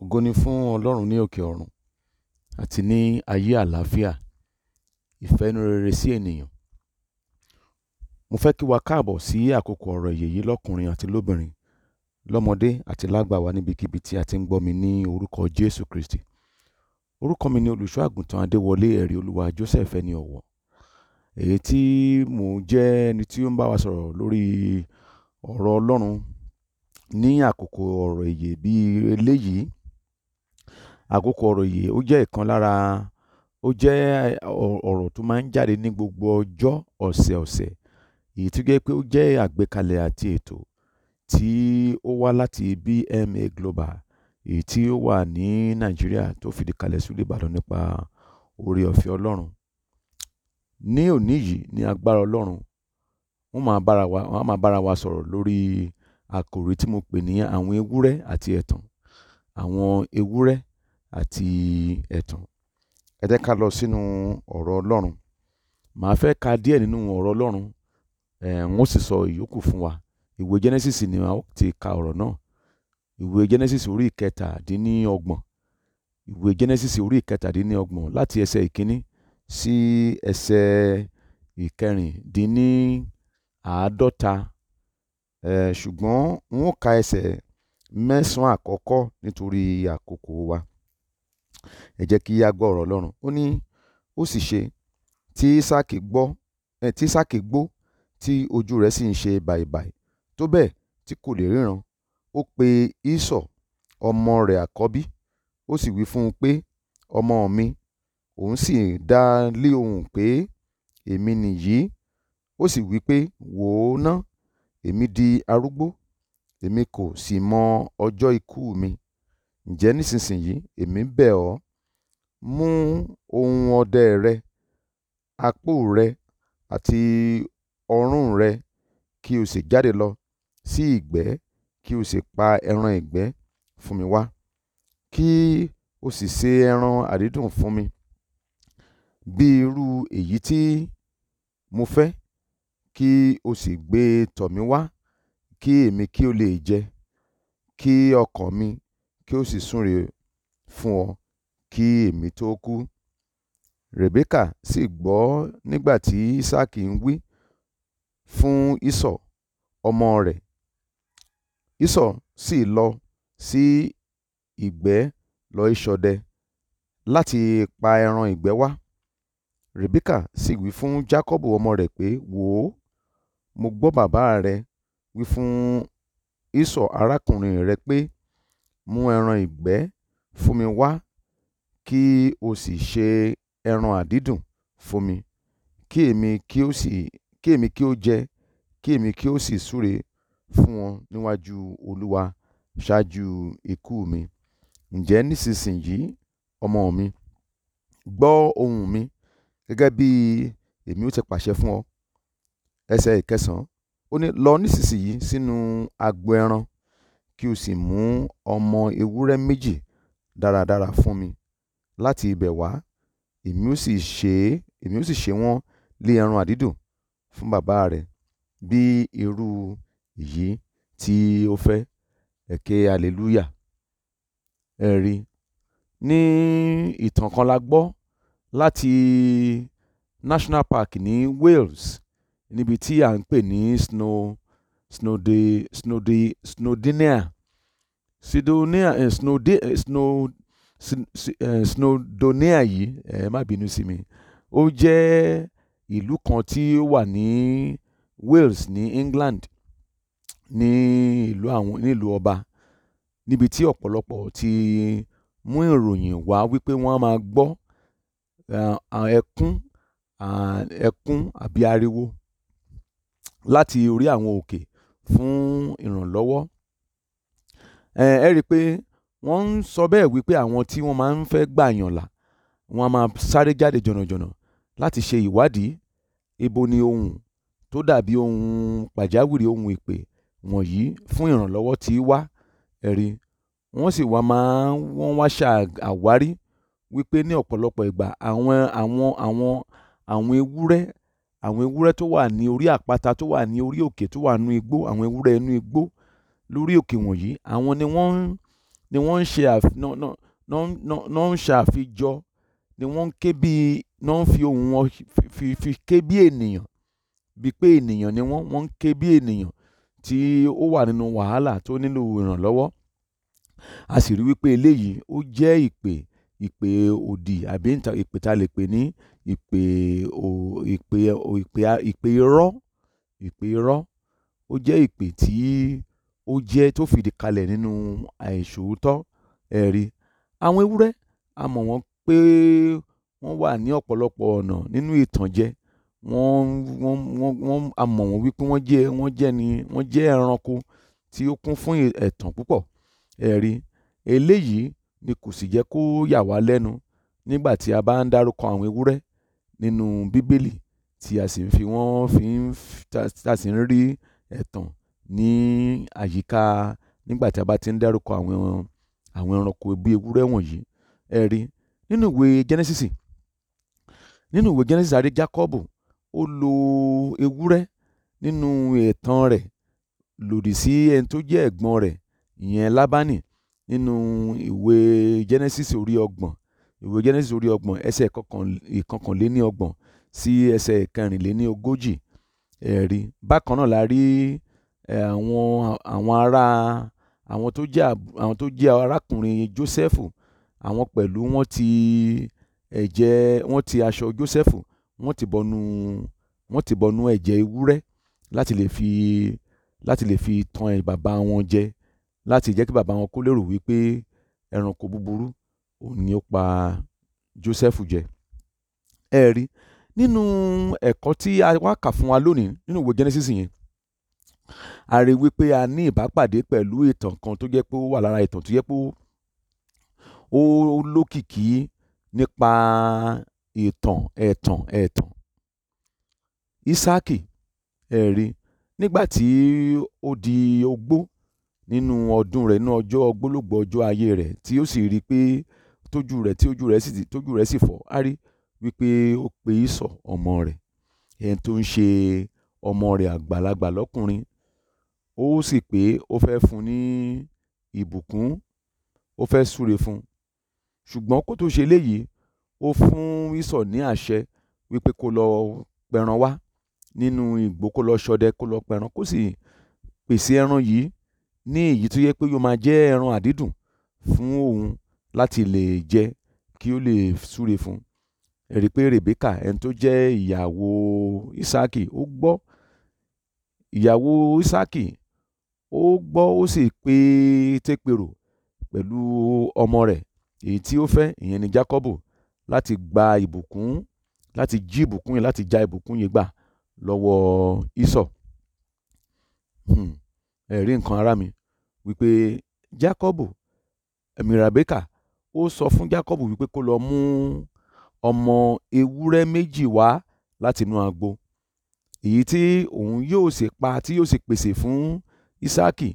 Ògo ni fún Ọlọ́run ní òkè ọ̀run àti ní ayé àlàáfíà, ìfẹ́ rere sí ènìyàn. Mo fẹ́ kí wa káàbọ̀ sí àkókò ọ̀rọ̀ ìyè yìí lọ́kùnrin àti lóbìnrin, lọ́mọdé àti lágbà wa níbikíbi tí a ti ń gbọ́ mi ní orúkọ Jésù Kristi. Orúkọ mi ni olùṣọ́ àgùntàn Adéwọlé ẹ̀rí olúwa Joseph ẹni ọ̀wọ̀. Èyí tí mò ń jẹ́ ẹni tí ó ń bá wa sọ̀rọ̀ lórí ọ̀rọ̀ Ọlọ́run ní àkókò ọ̀rọ̀ ìyè bí eléyìí Àkókò ọ̀rọ̀ yìí ó jẹ́ ìkan lára, ó jẹ́ ọ̀rọ̀ tó máa ń jáde ní gbogbo ọjọ́ ọ̀sẹ̀ ọ̀sẹ̀. Èyí tó jẹ́ pé ó jẹ́ àgbékalẹ̀ àti ètò tí ó wá láti BMA Global èyí tí ó wà ní Nàìjíríà tó fìdí kalẹ̀ sí ìlú Ìbàdàn nípa oore-ọ̀fẹ́ Ọlọ́run. Ní òní yìí ní agbára Ọlọ́run, wọ́n wa, a máa bára wa sọ̀rọ̀ lórí àkòrí tí mo pè ní àwọn ewúrẹ́ àti ẹ̀tàn. Àwọn ewúrẹ́ àti ẹ̀tàn. Ẹ jẹ́ ká lọ sínú ọ̀rọ̀ Ọlọ́run. Màá fẹ́ ka díẹ̀ nínú ọ̀rọ̀ Ọlọ́run, eh, n sì sọ ìyókù fún wa. Ìwé Genesis ni a ó ti ka ọ̀rọ̀ náà. Ìwé Genesis orí ìkẹtàdínníọgbọ̀n. Ìwé Genesis orí ìkẹtàdínníọgbọ̀n láti ẹsẹ̀ ìkíní sí ẹsẹ̀ ìkẹrìndínláàádọ́ta. Eh, ṣùgbọ́n n ó ka ẹsẹ̀ mẹ́sàn-án àkọ́kọ́ nítorí àkókò wa ẹ jẹ́ kí a gbọ́ ọ̀rọ̀ ọlọ́run ó ní ó sì ṣe tí Ísáàkì gbọ́ ẹ tí Ísáàkì gbó tí ojú rẹ̀ sì ń ṣe bàìbàì tó bẹ́ẹ̀ tí kò lè ríran ó pe Ísọ̀ ọmọ rẹ̀ àkọ́bí ó sì wí fún un pé ọmọ mi òun sì dá lé ohùn pé èmi nìyí ó sì wí pé wò ó ná èmi di arúgbó èmi kò sì mọ ọjọ́ ikú mi ǹjẹ́ nísinsìnyí èmi ń bẹ̀ ọ́ mú ohun ọdẹ rẹ apó rẹ àti ọ̀run rẹ kí o sì jáde lọ sí ìgbẹ́ kí o sì pa ẹran ìgbẹ́ fún mi wá kí o sì se ẹran àdídùn fún mi bí irú èyí tí mo fẹ́ kí o sì gbé tọ̀ mí wá kí èmi kí ó lè jẹ kí ọkàn mi kí ó sì súre fún ọ kí èmi tó kú." Rèbékà sì gbọ́ nígbà tí Ísákì ń wí fún Ísọ̀ ọmọ rẹ̀. Ísọ̀ sì lọ sí ìgbẹ́ lọ í ṣọdẹ láti pa ẹran ìgbẹ́ wá. Rèbékà sì wí fún Jákọ́bù ọmọ rẹ̀ pé, wò ó, mo gbọ́ bàbá rẹ wí fún Esau arákùnrin rẹ pé mú ẹran ìgbẹ́ fún mi wá kí o sì se ẹran àdídùn fún mi kí èmi kí ó jẹ kí èmi kí ó sì súre fún wọn níwájú olúwa ṣáájú ikú mi ǹjẹ́ nísinsìnyí ọmọ mi gbọ́ ohùn mi gẹ́gẹ́ bí èmi ó ti pàṣẹ fún ọ ẹsẹ̀ ìkẹsàn-án ó ní lọ nísinsìnyí sínú agbo ẹran kí o sì mú ọmọ ewúrẹ́ méjì dáradára fún mi láti ibẹ̀ wá èmi ó sì ṣe wọ́n lé ẹran àdídùn fún bàbá rẹ̀ bí irú èyí tí ó fẹ́. Ẹ̀kẹ́ haleluya. Ẹ̀rí ní ìtàn kan la gbọ́ láti National Park ní Wales níbi tí à ń pè ní Snow Snowde, Snowde, Snowdonia, Sidonia, eh, Snowde, eh, Snow, Sin, eh, Snowdonia yìí ẹ má bínú sí mi ó jẹ́ ìlú kan tí ó wà ní Wales ní England ní ìlú àwọn ní ìlú ọba níbi tí ọ̀pọ̀lọpọ̀ ti mú ìròyìn wá wípé wọ́n á máa gbọ́ ẹkún ẹkún àbí ariwo láti orí àwọn òkè fún ìrànlọ́wọ́ um ẹ rí i pé wọ́n ń sọ bẹ́ẹ̀ wípé àwọn tí wọ́n máa ń fẹ́ gbàyàn là wọ́n á máa sáré jáde jọ̀nàjọ̀nà láti ṣe ìwádìí ibo ni ohun tó dàbí ohun pàjáwìrì ohun ìpè wọ̀nyí fún ìrànlọ́wọ́ ti wá ẹ̀rí wọ́n sì wá máa wọ́n wá ṣàwárí wípé ní ọ̀pọ̀lọpọ̀ ìgbà àwọn àwọn àwọn àwọn ewúrẹ́ àwọn ewúrẹ́ tó wà ní orí àpáta tó wà ní orí òkè tó wà nínú igbó àwọn ewúrẹ́ inú igbó lórí òkè wọ̀nyí àwọn ni wọ́n ni wọ́n ń ṣe náà ń ṣàfijọ ni wọ́n ń ké bí náà ń fi ohùn wọn fi fi ké bí ènìyàn bíi pé ènìyàn ni wọ́n wọ́n ń ké bí ènìyàn tí ó wà nínú wàhálà tó nílò ìrànlọ́wọ́ a sì rí wípé eléyìí ó jẹ́ ìpè ìpè òdì àbí ìpè tá a lè pè ní ìpè ò ìpè ò ìpè ìpè irọ́ ìpè irọ́ ó jẹ́ ìpè tí ó jẹ́ tó fìdí kalẹ̀ nínú àìṣòótọ́ ẹ̀rí àwọn ewúrẹ́ a mọ̀ wọ́n pé wọ́n wà ní ọ̀pọ̀lọpọ̀ ọ̀nà nínú ìtànjẹ wọ́n wọ́n wọ́n wọ́n a mọ̀ wọ́n wípé wọ́n jẹ́ wọ́n jẹ́ ni wọ́n jẹ́ ẹranko tí ó kún fún ẹ̀tàn púpọ̀ ẹ̀rí eléyìí ni kò sì yẹ kó yà wá lẹ́nu nígbà tí a bá ń dárúkọ àwọn ewúrẹ́ nínú bíbélì tí a sì ń fi wọ́n fi ń tá a sì ń rí ẹ̀tàn ní àyíká nígbà tí a bá ti ń dárúkọ àwọn àwọn ẹranko bí ewúrẹ́ wọ̀nyí ẹ rí nínú ìwé Genesis nínú ìwé Genesis àrí Jacob ó lo ewúrẹ́ nínú ẹ̀tàn rẹ̀ lòdì sí ẹni tó jẹ́ ẹ̀gbọ́n rẹ̀ ìyẹn Lábánì nínú ìwé Genesis orí ọgbọ̀n ìwé Genesis orí ọgbọ̀n ẹsẹ̀ ìkọkànléní ọgbọ̀n sí ẹsẹ̀ ìkẹrìnléní ogójì ẹ̀rí bákan náà la rí àwọn àwọn ará àwọn tó jẹ́ àwọn tó jẹ́ arákùnrin Jósẹ́fù àwọn pẹ̀lú wọ́n ti ẹ̀jẹ̀ wọ́n ti aṣọ Jósẹ́fù wọ́n ti bọnú wọ́n ti bọnú ẹ̀jẹ̀ ewúrẹ́ láti lè fi láti lè fi tan bàbá wọn jẹ láti jẹ́ kí bàbá wọn kó lérò wípé ẹranko búburú òun ni ó pa Jósẹ́fù jẹ ẹ rí nínú ẹ̀kọ́ tí a wá kà fún wa lónìí nínú ìwé Genesis yẹn a rí wípé a ní ìbápàdé pẹ̀lú ìtàn kan tó jẹ́ pé ó wà lára ìtàn tó jẹ́ pé ó lókìkí nípa ìtàn ẹ̀tàn ẹ̀tàn Ísáàkì ẹ̀rí nígbà tí ó di ogbó nínú ọdún rẹ̀ nínú ọjọ́ gbólógbòó ọjọ́ ayé rẹ̀ tí ó sì rí i pé tójú rẹ̀ tí ojú rẹ̀ sì tójú rẹ̀ sì fọ́ á rí wípé ó pe ìsọ̀ ọmọ rẹ̀ ẹni tó ń ṣe ọmọ rẹ̀ àgbàlagbà lọ́kùnrin ó sì pé ó fẹ́ fún ní ìbùkún ó fẹ́ súre fún ṣùgbọ́n kó tó ṣe léyìí ó fún ìsọ̀ ní àṣẹ wípé kó lọ pẹran wá nínú ìgbó kó lọ ṣọdẹ kó lọ pẹran kó sì pèsè ẹran yìí ní èyí tó yẹ pé yóò máa jẹ́ ẹran àdídùn fún òun láti lè jẹ kí ó lè súre fún un rí i pé Rèbékà ẹni tó jẹ́ ìyàwó Ísáàkì ó gbọ́ ìyàwó Ísáàkì ó gbọ́ ó sì pé tépèrò pẹ̀lú ọmọ rẹ̀ èyí tí ó fẹ́ ìyẹn ni Jákọ́bù láti gba ìbùkún láti jí ìbùkún yẹn láti já ìbùkún yẹn gbà lọ́wọ́ Ísọ̀. Hmm ẹ̀rí nǹkan ara mi wípé Jákọ́bù ẹ̀mí Rèbékà ó sọ fún Jákọ́bù wípé kó lọ mú ọmọ ewúrẹ́ méjì wá láti inú agbo èyí tí òun yóò sì pa tí yóò sì pèsè fún Ísáàkì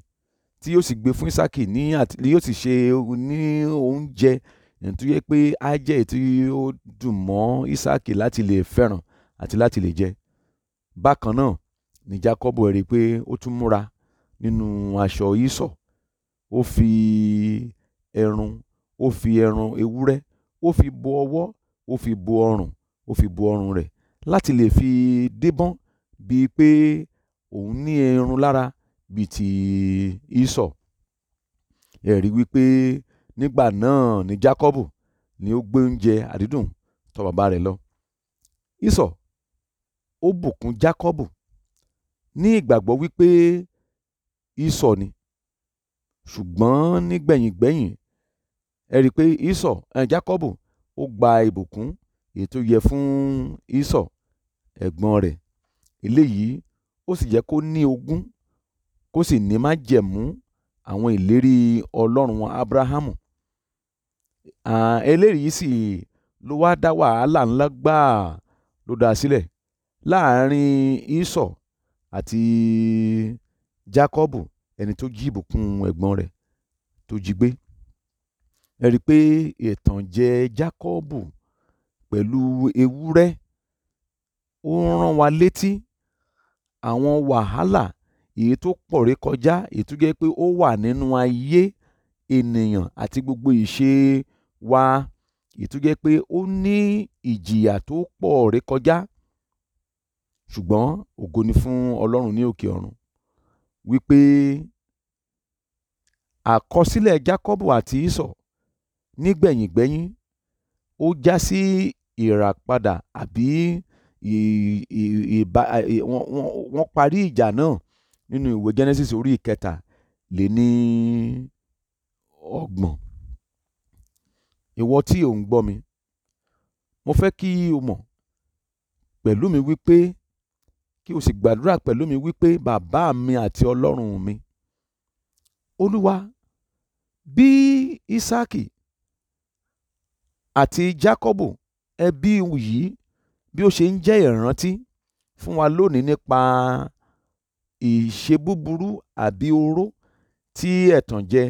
tí yóò sì gbé fún Ísáàkì ní àti yóò sì ṣe ní oúnjẹ tó pé á jẹ́ tí ó dùn mọ́ Ísáàkì láti lè fẹ́ràn àti láti lè jẹ bákan náà ni Jákọ́bù rí i pé ó tún múra nínú aṣọ ìṣọ̀ ó fi ẹ̀rùn ó fi ẹ̀rùn ewúrẹ́ ó fi bo ọwọ́ ó fi bo ọrùn ó fi bo ọrùn rẹ̀ láti lè fi débọ́n bíi pé òun ní irun lára bíi ti ìṣọ̀ ẹ rí wípé nígbà náà ni Jákọ́bù ni ó gbé oúnjẹ àdídùn tọ bàbá rẹ̀ lọ ìṣọ̀ ó bùkún Jákọ́bù ní ìgbàgbọ́ wípé Ísọ̀ ni ṣùgbọ́n nígbẹ̀yìn-gbẹ́yín ẹ rí i pé Ísọ̀ eh, Jákọ́bù ó gba ìbùkún èyí tó yẹ fún Ísọ̀ ẹ̀gbọ́n rẹ̀ eléyìí ó sì jẹ́ kó ní ogún kó sì ní májẹ̀mú àwọn ìlérí Ọlọ́run Ábúráhámù eléyìí sì ló wá dá wàhálà ńlá gbáà ló dá sílẹ̀ láàárín Ísọ̀ àti jákọ́bù ẹni tó jí ìbùkún ẹ̀gbọ́n rẹ̀ tó jí gbé ẹ rí i pé ìtànjẹ jákọ́bù pẹ̀lú ewúrẹ́ ó ń rán wa létí àwọn wàhálà èyí tó pọ̀ ré kọjá èyí tó jẹ́ pé ó wà nínú ayé ènìyàn àti gbogbo ìṣe wa èyí tó jẹ́ pé ó ní ìjìyà tó pọ̀ ré kọjá ṣùgbọ́n ògo ni fún Ọlọ́run ní òkè ọ̀run wípé àkọsílẹ̀ Jákọ́bù àti Ísọ̀ nígbẹ̀yìngbẹ́yín ó já sí ìràpadà àbí ìbá wọ́n parí ìjà náà nínú ìwé Genesis orí ìkẹta lé ní ọgbọ̀n ìwọ tí ò ń gbọ́ mi mo fẹ́ kí o mọ̀ pẹ̀lú mi wípé kí o sì gbàdúrà pẹ̀lú mi wípé bàbá mi àti ọlọ́run mi olúwa bí Ísáàkì àti Jákọ́bù ẹbí yìí bí ó ṣe ń jẹ́ ìrántí fún wa lónìí nípa ìṣe búburú àbí oró tí ẹ̀tànjẹ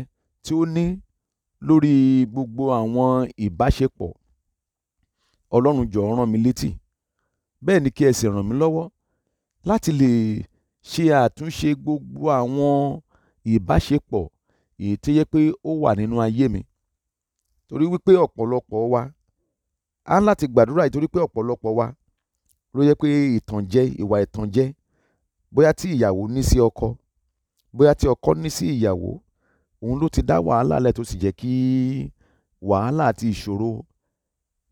tí ó ní lórí gbogbo àwọn ìbáṣepọ̀ ọlọ́run jọ̀ọ́ rán mi létí bẹ́ẹ̀ ni kí ẹ sì ràn mí lọ́wọ́ láti lè ṣe àtúnṣe gbogbo àwọn ìbáṣepọ̀ èyí tó yẹ pé ó wà nínú ayé mi torí wípé ọ̀pọ̀lọpọ̀ wa á ń láti gbàdúrà yìí torí pé ọ̀pọ̀lọpọ̀ wa ló yẹ pé ìtànjẹ ìwà ìtànjẹ bóyá tí ìyàwó ní sí ọkọ bóyá tí ọkọ ní sí ìyàwó òun ló ti dá wàhálà lẹ̀ tó sì jẹ́ kí wàhálà àti ìṣòro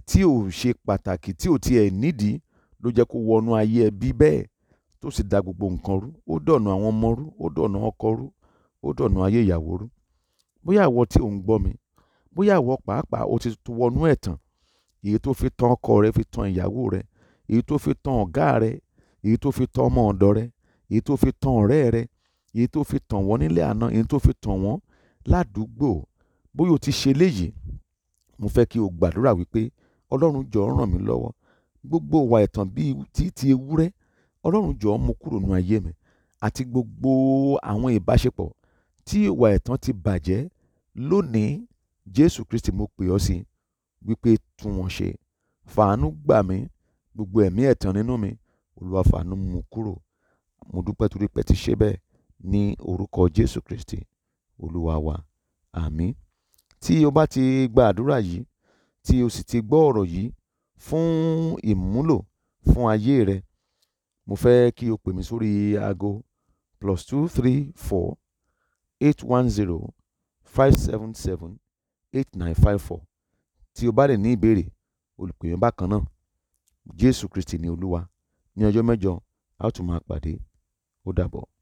tí ò ṣe pàtàkì tí ò tiẹ̀ nídìí ló jẹ́ kó wọnú ayé ẹbí bẹ́ẹ̀ tó sì da gbogbo nǹkan rú ó dọ̀nà àwọn ọmọ rú ó dọ̀nà ọkọ rú ó dọ̀nà ayé ìyàwó rú bóyá àwọ tí ò ń gbọ́ mi bóyá àwọ pàápàá o ti wọnú ẹ̀tàn èyí tó fi tan ọkọ rẹ fi tan ìyàwó rẹ èyí tó fi tan ọ̀gá rẹ èyí tó fi tan ọmọ ọ̀dọ̀ rẹ èyí tó fi tan ọ̀rẹ́ rẹ èyí tó fi tàn wọ́n nílé àná èyí tó fi tàn wọ́n ládùúgbò bóyá o ti ṣe léyìí mo fẹ́ kí o gbàdúrà wípé ọlọ́run jọ̀ọ́ ràn mí lọ́wọ́ gbogbo wa ẹ̀tàn bíi tí ewúrẹ́ ọlọ́run jọ̀ọ́ mú kúrò nínú ayé mi àti gbogbo àwọn ìbáṣepọ̀ tí ìwà ẹ̀tàn ti bàjẹ́ lónìí jésù kristi mo pè ọ́ sí wípé tún wọn ṣe fàánú gbà mí gbogbo ẹ̀mí ẹ̀tàn nínú mi olúwa fàánú mú kúrò mo dúpẹ́ torí pé ti ṣe bẹ́ẹ̀ ní orúkọ jésù kristi olúwa wa àmín tí o bá ti gba àdúrà yìí tí o sì ti gbọ́ ọ̀rọ̀ yìí fún ìmúlò fún ayé rẹ mo fẹ́ kí o pè mí sórí aago plus two three four eight one zero five seven seven eight nine five four tí o bá lè ní ìbéèrè olùpè mí bákan náà jésù kristi ni olúwa ní ọjọ́ mẹ́jọ a ó tún máa pàdé ó dàbọ̀.